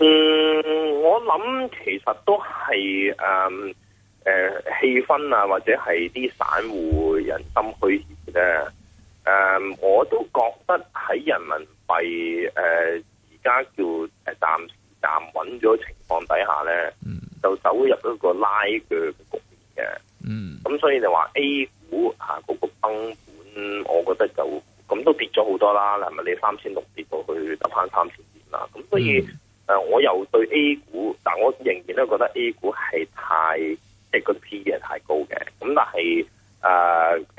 嗯，我諗其實都係誒誒氣氛啊，或者係啲散戶人心虛咧。誒、嗯，我都覺得喺人民幣誒而家叫誒暫時站穩咗情況底下咧，就走入一個拉鋸嘅局面嘅。嗯、咁、嗯、所以你話 A 股吓嗰個崩盤，我覺得就咁都跌咗好多啦。係咪你三千六跌到去得翻三千點啦？咁所以。嗯啊！我又對 A 股，但我仍然都覺得 A 股係太即係個 P/E 係太高嘅。咁但係啊誒，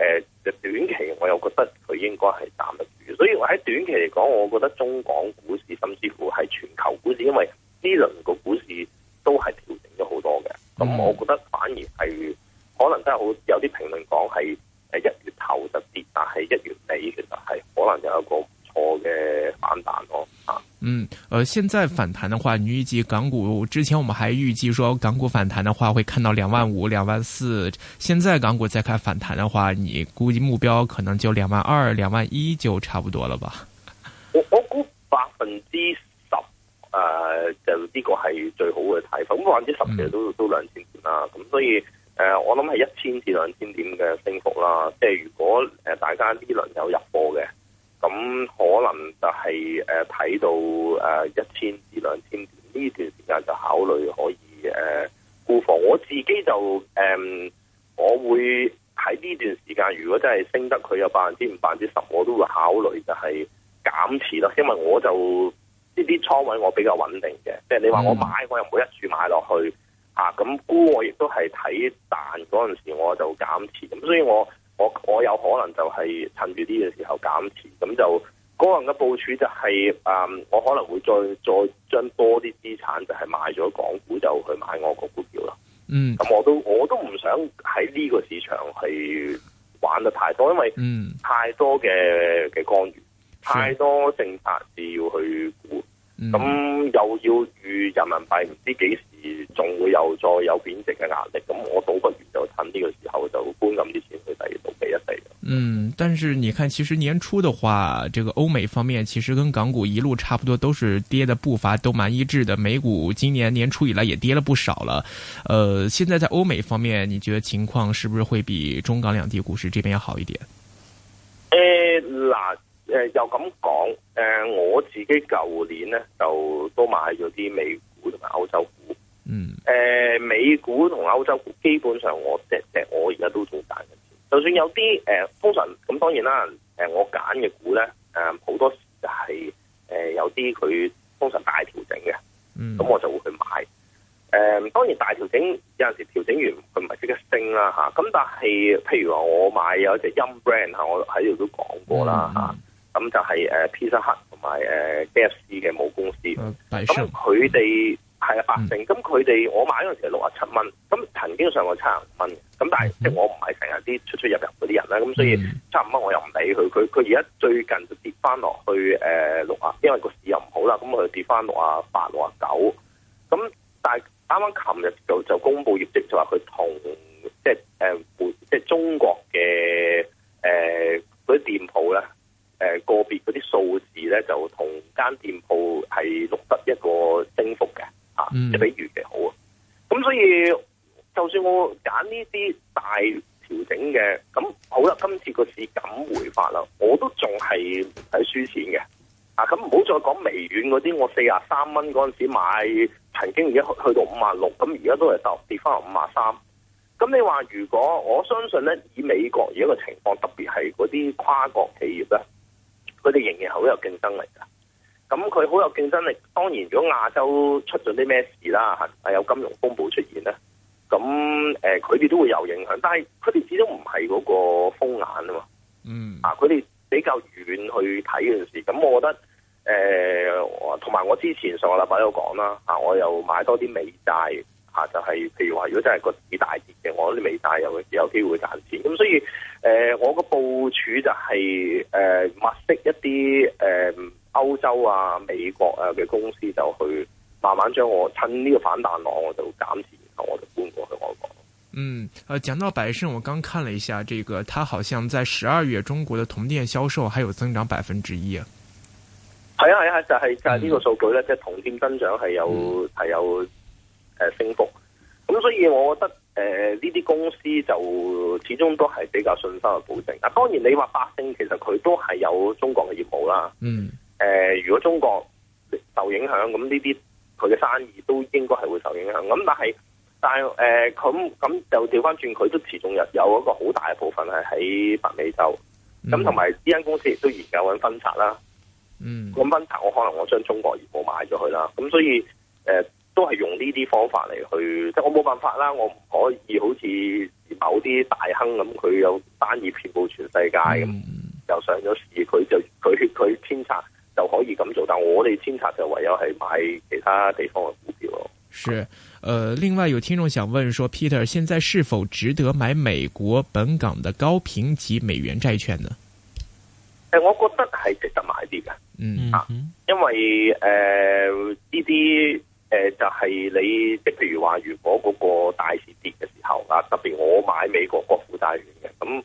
短期我又覺得佢應該係站得住。所以我喺短期嚟講，我覺得中港股市甚至乎係全球股市，因為呢輪個股市都係調整咗好多嘅。咁、嗯、我覺得反而係可能真係好有啲評論講係誒一月頭就跌，但係一月尾其實係可能有一個。我嘅反彈咯，啊，嗯，呃，現在反彈的話，你預計港股之前我們還預計說港股反彈的話會看到兩萬五、兩萬四，現在港股再開反彈的話，你估計目標可能就兩萬二、兩萬一就差不多了吧？我我估百分之十，誒、呃，就呢個係最好嘅睇法。咁百分之十其實都都兩千點啦，咁所以誒、呃，我諗係一千至兩千點嘅升幅啦。即係如果誒大家呢輪有入波嘅。咁、嗯、可能就係誒睇到誒、呃、一千至兩千點呢段時間就考慮可以誒沽、呃、房。我自己就誒、呃、我會喺呢段時間，如果真係升得佢有百分之五、百分之十，我都會考慮就係減持啦，因為我就呢啲倉位我比較穩定嘅，即係你話我買、嗯、我又唔會一注買落去吓，咁、啊、沽、嗯、我亦都係睇但嗰陣時我就減持。咁所以我。我我有可能就係趁住呢個時候減持，咁就個人嘅部署就係、誒嗯，我可能會再再將多啲資產就係賣咗港股，就去買外國股票啦。嗯，咁我都我都唔想喺呢個市場去玩得太多，因為嗯太多嘅嘅、嗯、干預，太多政策是要去估，咁、嗯、又要預人民幣唔知幾時仲會又再有貶值嘅壓力，咁我倒不如就趁呢個時候就搬咁啲。嗯，但是你看，其實年初的話，這個歐美方面其實跟港股一路差不多，都是跌的步伐都蠻一致的。美股今年年初以來也跌了不少了，呃，現在在歐美方面，你覺得情況是不是會比中港兩地股市這邊要好一點？誒、呃，嗱、呃，誒、呃，又咁講，誒、呃，我自己舊年呢就都買咗啲美股同埋歐洲股，嗯，誒、呃，美股同歐洲股基本上我只只我而家都仲賺緊。就算有啲誒、呃、通常咁當然啦，誒、呃、我揀嘅股咧誒好多時就係誒有啲佢通常大調整嘅，咁、嗯、我就會去買。誒、呃、當然大調整有陣時候調整完佢唔係即刻升啦嚇，咁、啊、但係譬如話我買有一隻 Yum Brand 啊，我喺度都講過啦嚇，咁就係、是、誒、呃、Pizza Hut 同埋誒 KFC 嘅母公司，咁佢哋。Bichon，嗯係啊，八成。咁佢哋我買嗰陣時六啊七蚊，咁曾經上過七啊五蚊。咁但係即係我唔係成日啲出出入入嗰啲人啦，咁所以七五蚊我又唔理佢。佢佢而家最近就跌翻落去誒六啊，因為個市又唔好啦，咁佢跌翻六啊八、六啊九。咁但係啱啱琴日就就公布業績，就話佢同即係誒，即係中國嘅誒嗰啲店鋪咧，誒個別嗰啲數字咧就同間店鋪。就、嗯嗯、比預期好啊！咁所以就算我揀呢啲大調整嘅，咁好啦，今次個市咁回發啦，我都仲係喺輸錢嘅啊！咁唔好再講微軟嗰啲，我四啊三蚊嗰陣時買，曾經而家去到五啊六，咁而家都係得跌翻落五啊三。咁你話如果我相信咧，以美國而家個情況，特別係嗰啲跨國企業咧，佢哋仍然好有競爭力。咁佢好有競爭力，當然如果亞洲出咗啲咩事啦，係有金融風暴出現咧，咁佢哋都會有影響，但係佢哋始終唔係嗰個風眼啊嘛，嗯啊佢哋比較遠去睇件事，咁我覺得誒同埋我之前上個禮拜有講啦，我又買多啲美債，啊，就係，是，譬如話如果真係個市大跌嘅，我啲美債有有機會賺錢，咁所以誒，呃，我個部署就係誒物色一啲歐洲啊、美國啊嘅公司就去慢慢將我趁呢個反彈浪，我就減持，然後我就搬過去外國。嗯，誒、啊，講到百勝，我剛看了一下，這個，它好像在十二月中國的同店銷售還有增長百分之一。係啊，係啊，係就係啊，就係就係、這個數呢個數據咧，即、嗯、係同店增長係有係、嗯、有誒升幅。咁、啊、所以我覺得誒呢啲公司就始終都係比較信心嘅保證。啊，當然你話百勝，其實佢都係有中國嘅業務啦。嗯。誒、呃，如果中國受影響，咁呢啲佢嘅生意都應該係會受影響。咁但係，但係誒，咁咁、呃、就調翻轉，佢都始終有有一個好大嘅部分係喺北美洲。咁同埋呢間公司亦都研究緊分拆啦。嗯，咁分拆我可能我將中國全部賣咗佢啦。咁所以誒、呃，都係用呢啲方法嚟，去，即係我冇辦法啦。我唔可以好似某啲大亨咁，佢有生意遍布全世界咁，又、嗯、上咗市，佢就佢佢分拆。就可以咁做，但我哋監察就唯有係買其他地方嘅股票咯。是、呃，另外有聽眾想問說，Peter，現在是否值得買美國本港的高評級美元債券呢？呃、我覺得係值得買啲嘅，嗯、啊、因為誒呢啲就係你，即譬如話，如果嗰個大市跌嘅時候啊，特別我買美國國庫債券嘅，咁呢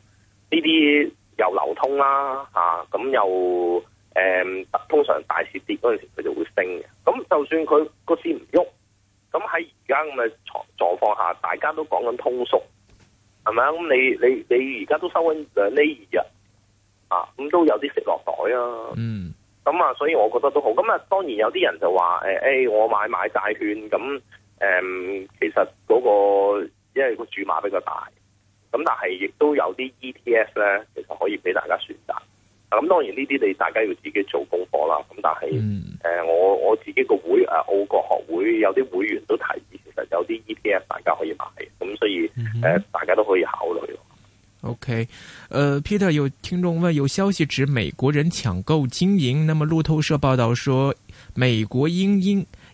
啲又流通啦、啊，吓咁又。誒，通常大市跌嗰陣時，佢就會升嘅。咁就算佢個市唔喐，咁喺而家咁嘅狀狀況下，大家都講緊通縮，係咪啊？咁你你你而家都在收緊兩厘二啊，啊，咁都有啲食落袋啊。嗯。咁啊，所以我覺得都好。咁啊，當然有啲人就話誒，誒、欸，我買買債券，咁誒、嗯，其實嗰、那個因為個注碼比較大，咁但係亦都有啲 E T F 咧，其實可以俾大家選擇。咁當然呢啲你大家要自己做功課啦。咁但係誒，我我自己個會誒，澳國學會有啲會員都提議，其實有啲 ETF 大家可以買，咁所以誒，大家都可以考慮，嗯。OK，誒，Peter 有聽眾問，有消息指美國人搶購金銀，那麼路透社報導說美國英英。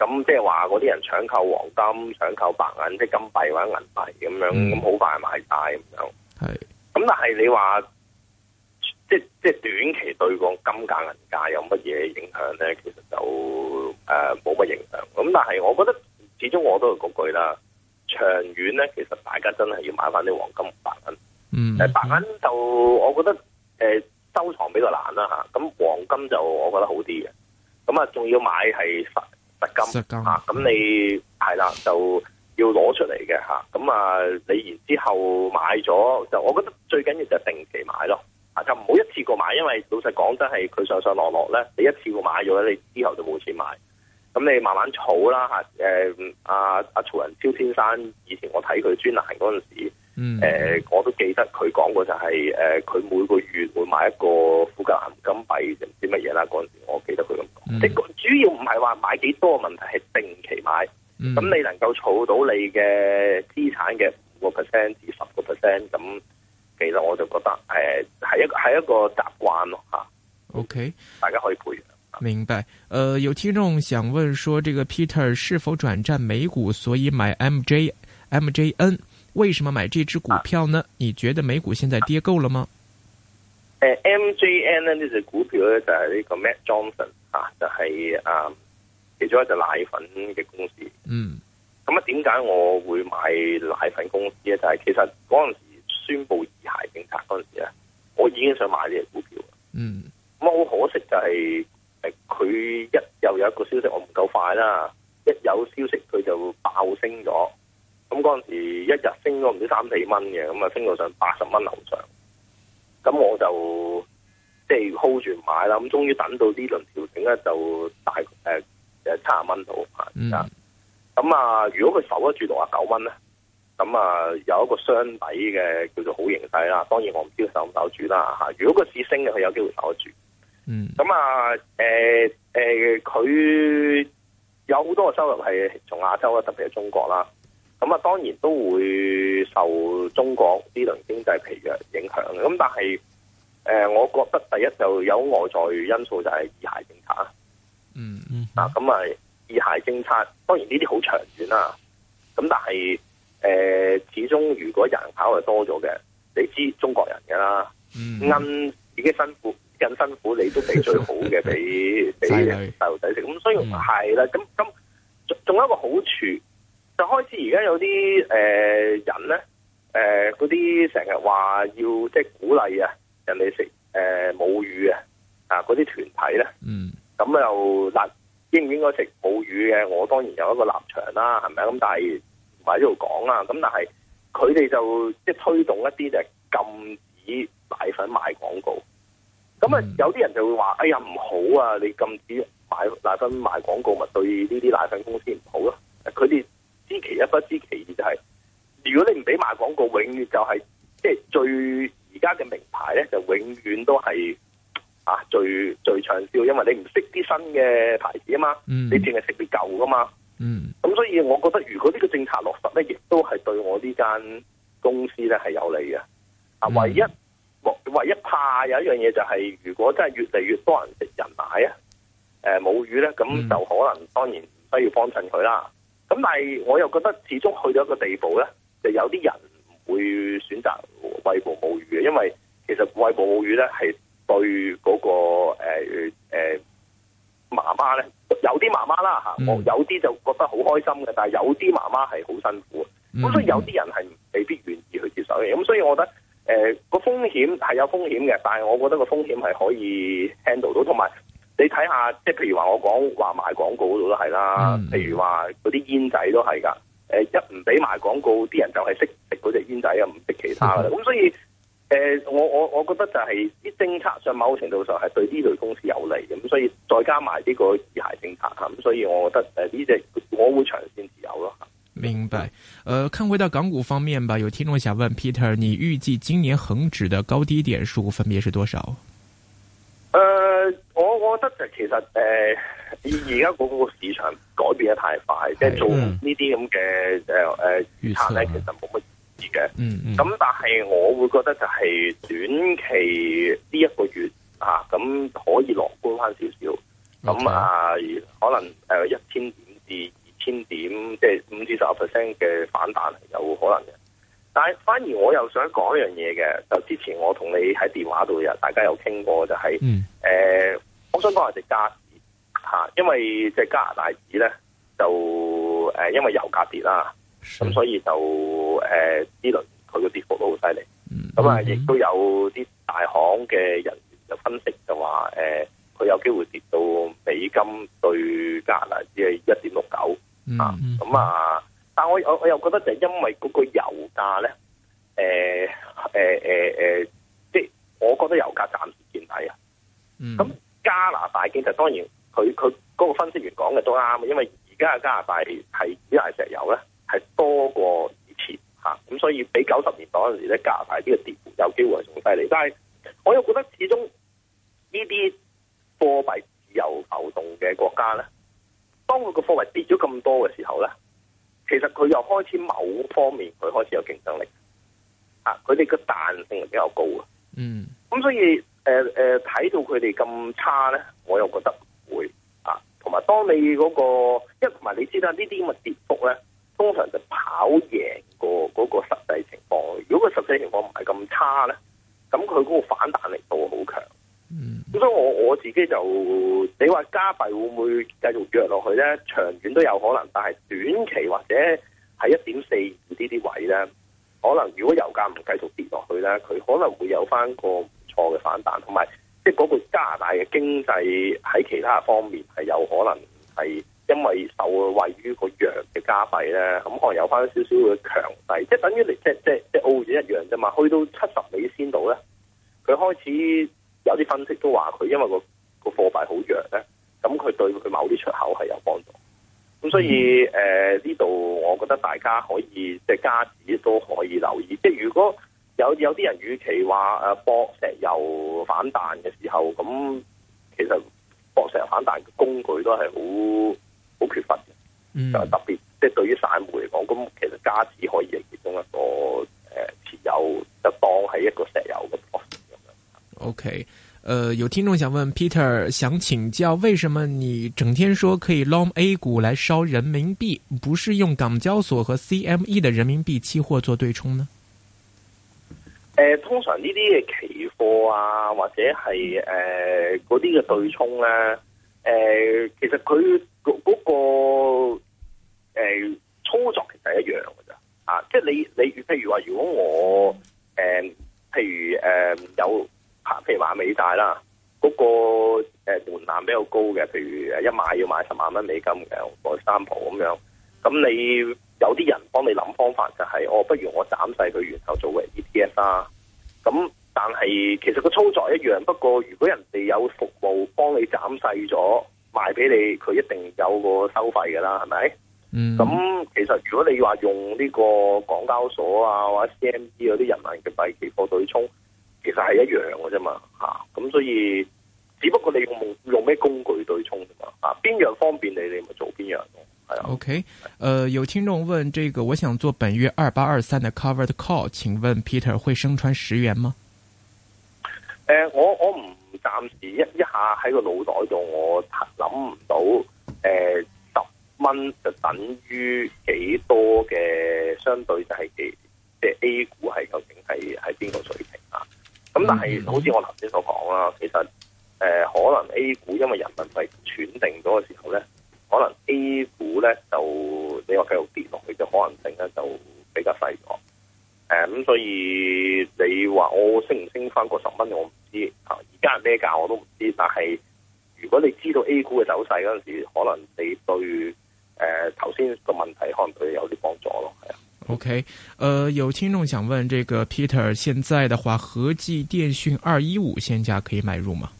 咁即係話嗰啲人搶購黃金、搶購白銀，即係金幣或者銀幣咁樣，咁、嗯、好快買晒咁樣。係。咁但係你話，即係即係短期對個金價、銀價有乜嘢影響咧？其實就誒冇乜影響。咁但係我覺得，始終我都係嗰句啦。長遠咧，其實大家真係要買翻啲黃金、白銀。嗯。誒，白銀就我覺得誒、呃、收藏比較難啦吓。咁黃金就我覺得好啲嘅。咁啊，仲要買係。資金吓，咁、啊、你係啦，就要攞出嚟嘅吓。咁啊，你然之後買咗，就我覺得最緊要就定期買咯。啊，就唔好一次過買，因為老實講，真係佢上上落落咧，你一次過買咗，你之後就冇錢買。咁你慢慢儲啦吓。誒、啊，阿阿曹仁超先生以前我睇佢專欄嗰陣時，誒、嗯啊，我都記得佢講過就係、是，誒、啊，佢每個月會買一個富格蘭金幣定唔知乜嘢啦。嗰陣時我記得佢咁講。嗯係話買幾多問題係定期買，咁、嗯、你能夠儲到你嘅資產嘅五個 percent 至十個 percent，咁其實我就覺得誒係一個係一個習慣咯吓。OK，大家可以培養。明白。誒、呃，有聽眾想問說，這個 Peter 是否轉戰美股，所以買 MJ MJN？為什麼買這隻股票呢、啊？你覺得美股現在跌夠了嗎？誒、啊啊呃、，MJN 咧呢隻股票咧就係呢個 Matt Johnson。啊，就係、是、誒、啊，其中一隻奶粉嘅公司，嗯，咁啊，點解我會買奶粉公司咧？就係、是、其實嗰陣時宣布二孩政策嗰陣時咧，我已經想買呢隻股票，嗯，咁好可惜就係、是、誒，佢一又有一個消息，我唔夠快啦，一有消息佢就爆升咗，咁嗰陣時候一日升咗唔知道三四蚊嘅，咁啊，升到上八十蚊樓上，咁我就。即係 hold 住唔買啦，咁終於等到呢輪調整咧，就大誒誒七十蚊度啊！咁、嗯、啊，如果佢守得住六啊九蚊咧，咁啊有一個相抵嘅叫做好形勢啦。當然我唔知佢守唔守住啦吓。如果個市升嘅，佢有機會守得住。嗯。咁啊，誒、呃、誒、佢、呃、有好多嘅收入係從亞洲啦，特別係中國啦。咁啊，當然都會受中國呢輪經濟疲弱影響嘅。咁但係。誒、呃，我覺得第一就有外在因素就係二孩政策啊，嗯嗯，啊咁啊二孩政策，當然呢啲好長遠啦、啊。咁但係誒、呃，始終如果人口係多咗嘅，你知中國人嘅啦，嗯，咁自己辛苦，更、嗯、辛苦，你都俾最好嘅俾俾細路仔食。咁 所以係、嗯、啦，咁咁仲仲有一個好處，就開始而家有啲誒、呃、人咧，誒嗰啲成日話要即係、就是、鼓勵啊。人哋食誒母乳啊，啊嗰啲團體咧，咁又立應唔應該食母乳嘅？我當然有一個立場啦，係咪啊？咁但係唔係呢度講啦。咁、啊、但係佢哋就即係、就是、推動一啲就係、是、禁止奶粉賣廣告。咁啊，有啲人就會話：哎呀，唔、哎、好啊！你禁止買奶粉賣廣告，咪對呢啲奶粉公司唔好咯、啊。佢哋知其一不知其二、就是，就係如果你唔俾賣廣告，永遠就係即係最。而家嘅名牌咧，就永遠都係啊最最暢銷，因為你唔識啲新嘅牌子啊嘛，你淨係識啲舊噶嘛。嗯，咁、嗯、所以我覺得，如果呢個政策落實咧，亦都係對我呢間公司咧係有利嘅。啊、嗯，唯一唯一怕有一樣嘢就係、是，如果真係越嚟越多人食人奶啊，誒母乳咧，咁就可能、嗯、當然唔需要幫襯佢啦。咁但係我又覺得，始終去到一個地步咧，就有啲人唔會選擇餵哺母乳嘅，因為其實餵哺母乳咧係對嗰、那個誒誒媽媽咧，有啲媽媽啦吓，嗯、我有啲就覺得好開心嘅，但係有啲媽媽係好辛苦的，咁、嗯、所以有啲人係未必願意去接受嘅。咁所以我覺得誒個、呃、風險係有風險嘅，但係我覺得個風險係可以 handle 到。同埋你睇下，即係譬如話我講話賣廣告嗰度都係啦，譬如話嗰啲煙仔都係㗎。誒，一唔俾賣廣告，啲人就係識食嗰隻煙仔啊，唔食其他嘅。咁所以，誒，我我我覺得就係啲政策上某程度上係對呢類公司有利嘅。咁所以再加埋呢個二孩政策吓，咁所以我覺得誒呢隻我會長線持有咯。明白。誒、呃，看回到港股方面吧。有聽眾想問 Peter，你預計今年恒指嘅高低點數分別是多少？誒、呃，我我覺得就其實誒。呃而而家嗰個市場改變得太快，即係做呢啲咁嘅誒誒預測咧，其實冇乜意義嘅。嗯嗯。咁但係我會覺得就係短期呢一個月啊，咁可以樂觀翻少少。咁、嗯嗯、啊，可能誒一千點至二千點，即係五至十個 percent 嘅反彈係有可能嘅。但係反而我又想講一樣嘢嘅，就之前我同你喺電話度又大家有傾過，就係、是、誒、嗯呃，我想講人跌價。吓，因為即係加拿大紙咧，就誒、呃，因為油價跌啦，咁所以就誒，呢輪佢嘅跌幅都好犀利。咁、嗯、啊，亦都有啲大行嘅人員就分析就話，誒、呃，佢有機會跌到美金兌加拿大只係一點六九啊。咁、嗯、啊，但係我我我又覺得就係因為嗰個油價咧，誒誒誒誒，即係我覺得油價暫時見底啊。咁、嗯、加拿大經濟當然。佢佢嗰個分析員講嘅都啱，因為而家嘅加拿大係依賴石油咧，係多過以前吓，咁、啊、所以比九十年代嗰陣時咧，加拿大呢個跌幅有機會仲低啲。但係我又覺得始終呢啲貨幣自由流動嘅國家咧，當佢個貨幣跌咗咁多嘅時候咧，其實佢又開始某方面佢開始有競爭力，佢哋個彈性係比較高嗯，咁所以誒誒，睇、呃呃、到佢哋咁差咧。但係呢啲咁嘅跌幅咧，通常就跑贏過嗰個實際情況。如果個實際情況唔係咁差咧，咁佢嗰個反彈力度好強。嗯，咁所以我我自己就，你話加幣會唔會繼續弱落去咧？長遠都有可能，但係短期或者係一點四二呢啲位咧，可能如果油價唔繼續跌落去咧，佢可能會有翻個唔錯嘅反彈，同埋即係個加拿大嘅經濟喺其他方面係有可能係。因為受惠於個弱嘅加幣咧，咁可能有翻少少嘅強勢，即係等於你即即即澳紙一樣啫嘛。去到七十美仙度咧，佢開始有啲分析都話佢因為個、嗰個貨幣好弱咧，咁佢對佢某啲出口係有幫助。咁所以誒，呢、嗯、度、呃、我覺得大家可以即係加紙都可以留意。即係如果有有啲人與其話誒博石油反彈嘅時候，咁其實博石油反彈嘅工具都係好。好缺乏嘅，就係、特別、嗯、即係對於散戶嚟講，咁其實加持可以係其中一個誒、呃、持有，就當係一個石油嘅。O K，誒，有聽眾想問 Peter，想請教，為什麼你整天說可以 long A 股，嚟燒人民幣，不是用港交所和 C M E 嘅人民幣期貨做對沖呢？誒、呃，通常呢啲嘅期貨啊，或者係誒嗰啲嘅對沖咧、啊，誒、呃，其實佢。嗰、那個誒、呃、操作其實係一樣噶咋啊！即係你你譬如話，如果我誒、呃，譬如誒、呃、有，譬如話美債啦，那個誒、呃、門檻比較高嘅，譬如一買要買十萬蚊美金嘅個 sample 咁樣。咁你有啲人幫你諗方法、就是，就係我不如我斬細佢，然後做 ETF 啦。咁但係其實個操作一樣，不過如果人哋有服務幫你斬細咗，賣俾你，佢一定有個收費噶啦，係咪？嗯，咁其實如果你話用呢個港交所啊或者 C M E 嗰啲人民幣期貨對沖，其實係一樣噶啫嘛，吓、啊、咁所以只不過你用用咩工具對沖啫嘛，吓邊樣方便你，你咪做邊樣咯。係啊，O K，誒，有聽眾問，這個我想做本月二八二三的 Covered Call，請問 Peter 會升穿十元嗎？誒、呃，我我唔暫時一一下喺個腦袋度我。諗唔到，誒、呃，十蚊就等於幾多嘅？相對就係嘅，即、就、係、是、A 股係究竟係喺邊個水平啊？咁、嗯、但係好似我頭先所講啦，其實誒、呃，可能 A 股因為人民幣轉定咗嘅時候咧，可能 A 股咧就你話繼續跌落去嘅可能性咧就比較細咗。誒、呃，咁所以你話我升唔升翻個十蚊我唔知啊，而家係咩價我都唔知，但係。如果你知道 A 股嘅走勢嗰陣時，可能你對誒頭先個問題可能對你有啲幫助咯，係啊。OK，誒、呃、有聽眾想問，這個 Peter，現在的話，和記電訊二一五現價可以買入嗎？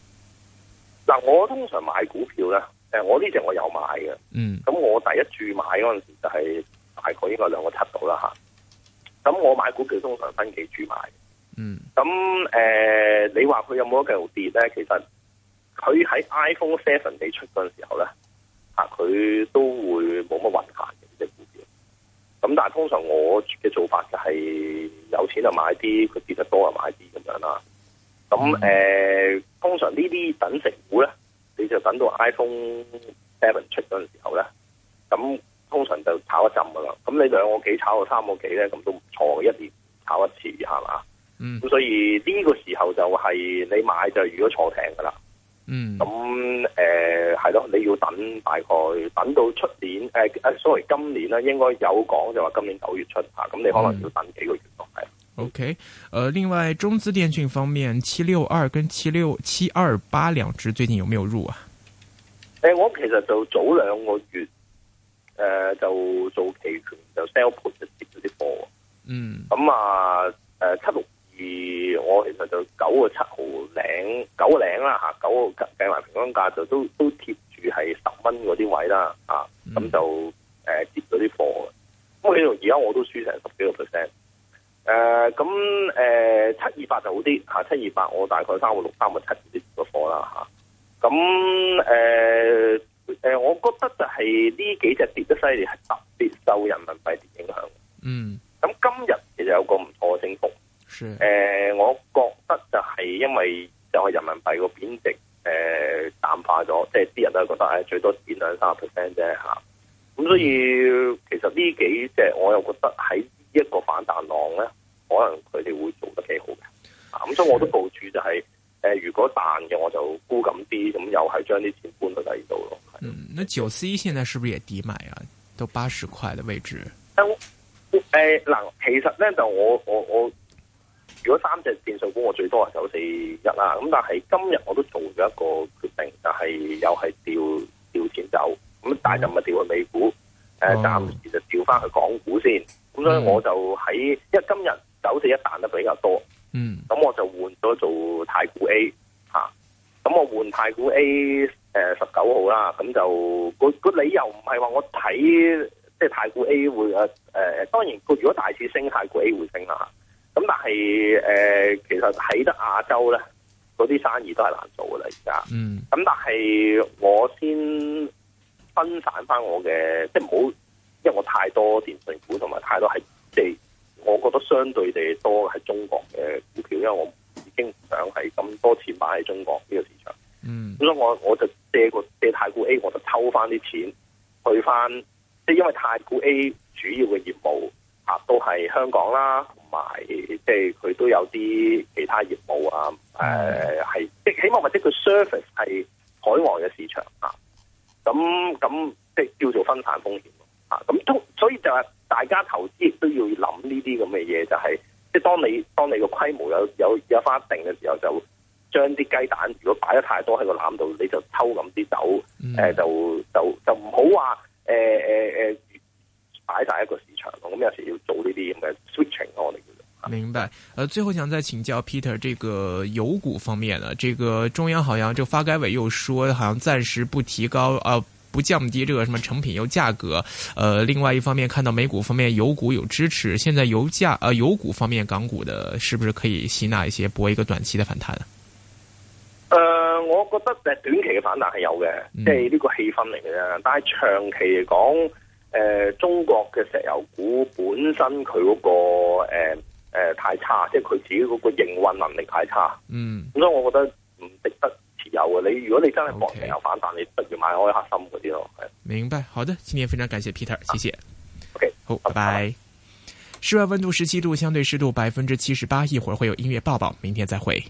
嗱，我通常買股票咧，誒、呃，我呢隻我有買嘅，嗯，咁我第一注買嗰陣時就係大概應該兩個七度啦吓，咁、啊、我買股票通常分幾注買，嗯，咁誒、呃，你話佢有冇得繼續跌咧？其實。佢喺 iPhone Seven 出嗰陣時候咧，佢、啊、都會冇乜運行嘅呢隻股票。咁但係通常我嘅做法就係有錢就買啲，佢跌得多就買啲咁樣啦。咁誒、嗯呃，通常呢啲等值股咧，你就等到 iPhone Seven 出嗰陣時候咧，咁通常就炒一浸噶啦。咁你兩個幾炒到三個幾咧，咁都唔錯。一年炒一次係嘛？嗯。咁所以呢個時候就係、是、你買就如果坐艇噶啦。嗯，咁誒係咯，你要等大概等到出年誒誒，呃，sorry 今年啦，應該有講就話今年九月出吓，咁你可能要等幾個月係。OK，誒，另外中資電訊方面，七六二跟七六七二八兩隻最近有沒有入啊？誒、呃，我其實就早兩個月誒、呃，就做期權就 sell put 就接咗啲貨。嗯，咁啊，誒、呃呃、七六二我其實就九個七零九個零啦吓，九個計埋平均價就都都貼住係十蚊嗰啲位啦嚇，咁、啊嗯嗯、就誒跌咗啲貨嘅。咁我而家我都輸成十幾個 percent。誒咁誒七二八就好啲嚇、啊，七二八我大概三,六三,三個六三個七啲個貨啦嚇。咁誒誒，我覺得就係呢幾隻跌得犀利係特別受人民幣影響。嗯，咁今日其實有個唔錯嘅升幅。是、呃、我。係因為就係人民幣個貶值誒、呃、淡化咗，即係啲人都係覺得係最多跌兩三 percent 啫吓，咁、嗯、所以其實呢幾隻我又覺得喺一個反彈浪咧，可能佢哋會做得幾好嘅，咁、啊、所以我都部署就係、是、誒、呃、如果彈嘅我就沽緊啲，咁又係將啲錢搬到第二度咯。嗯，那九 C 現在是不是也抵買啊？都八十塊嘅位置。誒、嗯、嗱、呃呃，其實咧就我我我。我我如果三隻電訊股，我最多係九四一啦。咁但係今日我都做咗一個決定，就係、是、又係調調錢走。咁但係就唔係調去美股，誒、哦、暫時就調翻去港股先。咁所以我就喺，因為今日九四一彈得比較多。嗯。咁我就換咗做太古 A 嚇、啊。咁我換太古 A 誒十九號啦。咁、啊、就個個理由唔係話我睇，即、就、係、是、太古 A 會誒、呃。當然，佢如果大市升，太古 A 會升啦。啊咁但係誒、呃，其實喺得亞洲咧，嗰啲生意都係難做噶啦，而家。嗯。咁但係我先分散翻我嘅，即係唔好，因為我太多電信股，同埋太多係，即係我覺得相對地多係中國嘅股票，因為我已經唔想係咁多錢買喺中國呢個市場。嗯。咁所以我我就借個借太古 A，我就抽翻啲錢去翻，即係因為太古 A 主要嘅業務啊都係香港啦。係即係佢都有啲其他業務啊，誒係即係，起碼或者個 service 係海外嘅市場啊。咁咁即係叫做分散風險啊。咁通所以就係大家投資亦都要諗呢啲咁嘅嘢，就係、是、即係當你當你個規模有有有翻一定嘅時候，就將啲雞蛋如果擺得太多喺個籃度，你就抽咁啲走。誒、mm. 呃，就就就唔好話誒誒誒擺晒一個市場咯。咁有時要做呢啲咁嘅 switching 我哋。明白，呃，最後想再請教 Peter，這個油股方面呢？這個中央好像，這發改委又說，好像暫時不提高，呃，不降低這個什麼成品油價格。呃，另外一方面，看到美股方面油股有支持，現在油價，呃，油股方面港股的，是不是可以吸納一些，博一個短期的反彈？呃，我覺得短期嘅反彈係有嘅，即係呢個氣氛嚟嘅啫。但係長期嚟講，誒、呃，中國嘅石油股本身佢嗰、個誒。呃呃，太差，即係佢自己嗰個營運能力太差，嗯，咁所以我覺得唔值得持有嘅。你如果你真係逢低有反彈，okay, 你不如買開核心嗰啲咯。係，明白，好的，今天非常感謝 Peter，啊，謝謝。OK，好，拜拜。室外溫度十七度，相對濕度百分之七十八，一會兒會有音樂報報，明天再會。